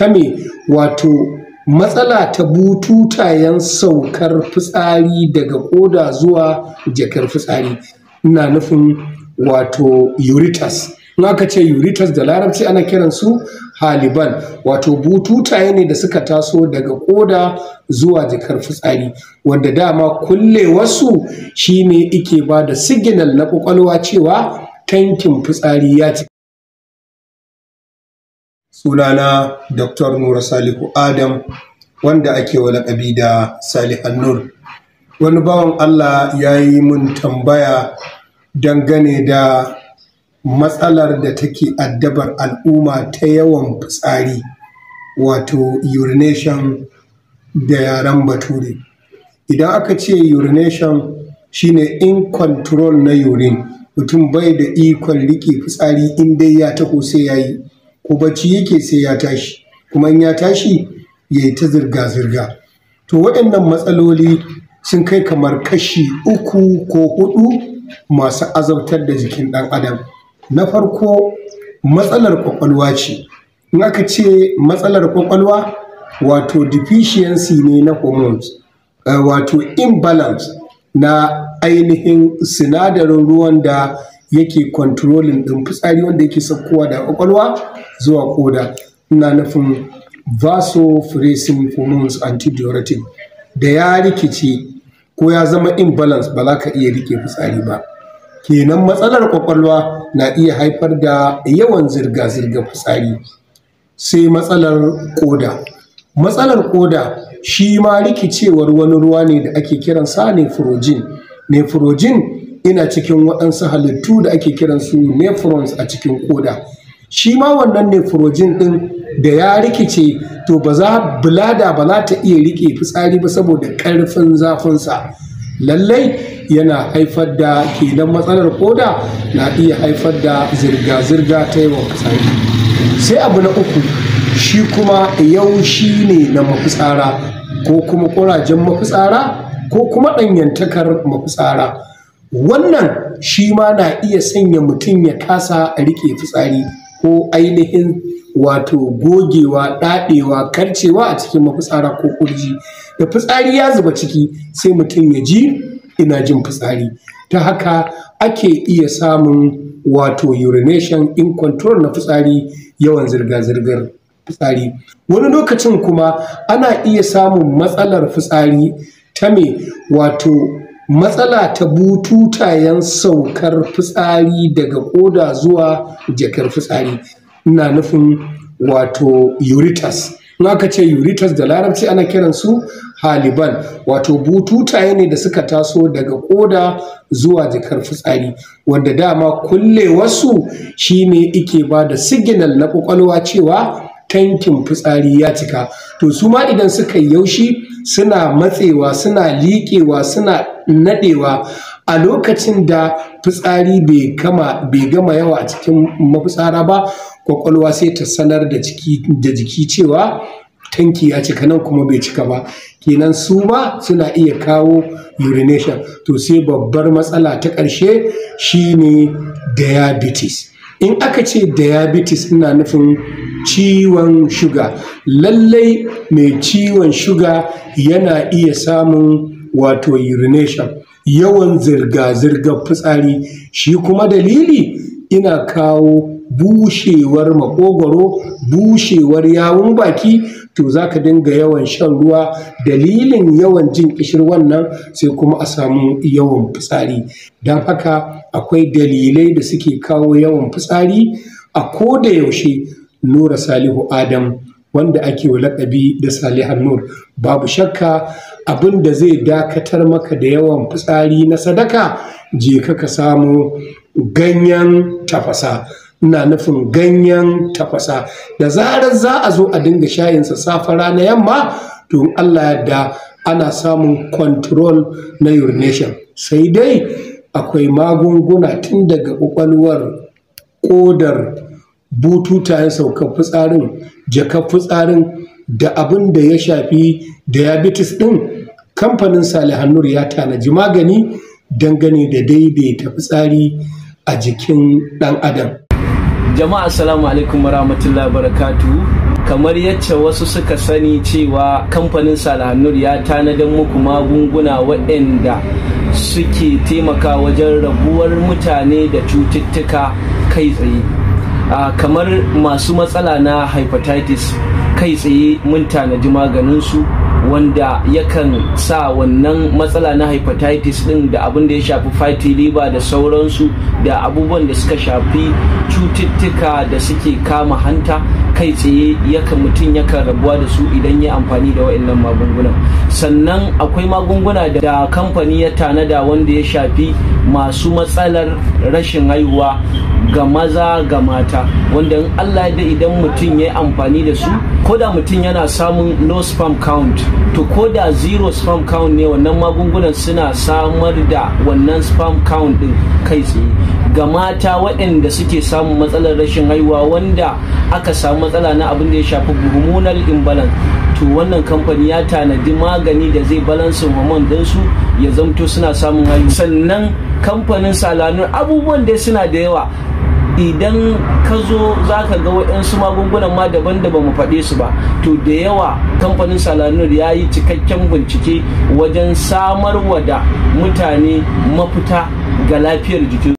ta me wato matsala ta bututayen saukar fitsari daga koda zuwa jakar fitsari ina nufin wato uritas in aka ce uritas da larabci ana kiran su haliban wato bututaye ne da suka taso daga koda zuwa jakar fitsari wanda dama kulle wasu shine ike ba da siginal na ƙwaƙwalwa cewa tankin fitsari ya ci sunana Dr. Nura Salihu Adam wanda ake wa laƙabi da Salihan Nur. Wani bawan Allah ya yi mun tambaya dangane da matsalar da take addabar al'umma ta yawan fitsari wato urination da yaren bature. Idan aka ce urination shine in control na urine mutum bai da ikon riƙe fitsari in dai ya taho sai ya yi. ko bacci yake sai ya tashi kuma in ya tashi ya yi ta zirga-zirga to waɗannan matsaloli sun kai kamar kashi uku ko hudu masu azabtar da jikin ɗan adam na farko matsalar kwakwalwa ce in aka ce matsalar kwakwalwa wato deficiency ne na hormones eh, wato imbalance na ainihin sinadarin ruwan da yake kontrolin ɗin fitsari wanda yake saukowa da ƙwaƙwalwa zuwa koda ina nufin vasopressin hormones antidiuretic da ya rikice ko ya zama imbalance ba za ka iya rike fitsari ba kenan matsalar ƙwaƙwalwa na iya haifar da yawan zirga-zirga fitsari sai matsalar koda matsalar koda shi ma rikicewar wani ruwa ne da ake kiransa nephrogen nephrogen ina cikin waɗansu halittu da ake kiransu nephrons a cikin koda shi ma wannan nephrogen ɗin da ya rikice to ba za bulada ba za ta iya rike fitsari ba saboda ƙarfin zafinsa lallai yana haifar da kenan matsalar koda na iya haifar da zirga-zirga ta yawan fitsari sai abu na uku shi kuma yau shi ne na mafitsara ko kuma ƙurajen mafitsara ko kuma ɗanyantakar mafitsara wannan shi ma na iya sanya mutum ya kasa a riƙe fitsari ko ainihin wato gogewa ɗaɗewa karcewa a cikin mafitsara ko ƙurji da fitsari ya zuba ciki sai mutum ya ji ina jin fitsari ta haka ake iya samun wato urination in control na fitsari yawan zirga-zirgar fitsari wani lokacin kuma ana iya samun matsalar fitsari ta me wato matsala ta bututayen saukar fitsari daga koda zuwa jakar fitsari ina nufin wato uritas in aka ce uritas da larabci ana kiransu haliban wato bututaye ne da suka taso daga koda zuwa jakar fitsari wanda dama kulle wasu shine ike ba da signal na ƙwaƙwalwa cewa tankin fitsari ya cika to su ma idan suka yi yaushi suna matsewa suna liƙewa suna naɗewa a lokacin da fitsari bai gama yawa a cikin mafitsara ba kwakwalwa sai ta sanar da jiki cewa tanki ya cika nan kuma bai cika ba kenan su ma suna iya kawo urination to sai babbar matsala ta ƙarshe shine diabetes in aka ce diabetes ina nufin ciwon shuga lallai mai ciwon shuga yana iya samun wato urination yawan zirga-zirgar fitsari shi kuma dalili ina kawo bushewar makogwaro bushewar yawun baki to za ka dinga yawan shan ruwa dalilin yawan jin kishir wannan sai kuma a samu yawan fitsari don haka akwai dalilai da suke kawo yawan fitsari a ko da yaushe Nura Salihu Adam wanda ake wa laƙabi da Salihan Nur. Babu shakka abin da zai dakatar maka da yawan fitsari na sadaka je ka ka samu ganyen tafasa. Ina nufin ganyen tafasa. Da zarar za a zo a dinga shayinsa safara na yamma, to Allah yadda ana samun control na urination. Sai dai akwai magunguna tun daga ƙwaƙwalwar ƙodar bututayen saukan fitsarin jakar fitsarin da abin da ya shafi diabetes ɗin kamfanin salihannur ya tanaji magani dangane da daidaita fitsari a jikin ɗan adam jama'a assalamu alaikum warahmatullahi barakatuhu kamar yacce wasu suka sani cewa kamfanin salihannur ya tanadin muku magunguna waɗanda suke taimaka wajen rabuwar mutane da cututtuka kai tsaye kamar masu matsala na hepatitis kai tsaye mun tanadi su. wanda yakan sa wannan matsala na hepatitis din da abin da ya shafi fatty liver da sauransu da abubuwan da suka shafi cututtuka da suke kama hanta kai tsaye yakan mutum yakan rabuwa da su idan ya amfani da wa'annan magungunan sannan akwai magunguna da kamfani ya tanada wanda ya shafi masu matsalar rashin haihuwa ga maza ga mata wanda in allah da idan mutum ya yi amfani da su koda mutum yana samun no sperm count to koda zero sperm count ne wannan magungunan suna samar da wannan sperm count din kai tsaye ga mata waɗanda suke samun matsalar rashin haihuwa wanda aka samu matsala na abin da ya shafi hormonal imbalance to wannan kamfani ya tanadi magani da zai balansa hormone dinsu ya zamto suna samun haihuwa sannan kamfanin salanu abubuwan da suna da yawa idan ka zo za ka ga waɗansu magungunan ma daban da ba mu faɗe su ba to da yawa kamfanin salanur ya yi cikakken bincike wajen samarwa da mutane mafita ga lafiyar jikin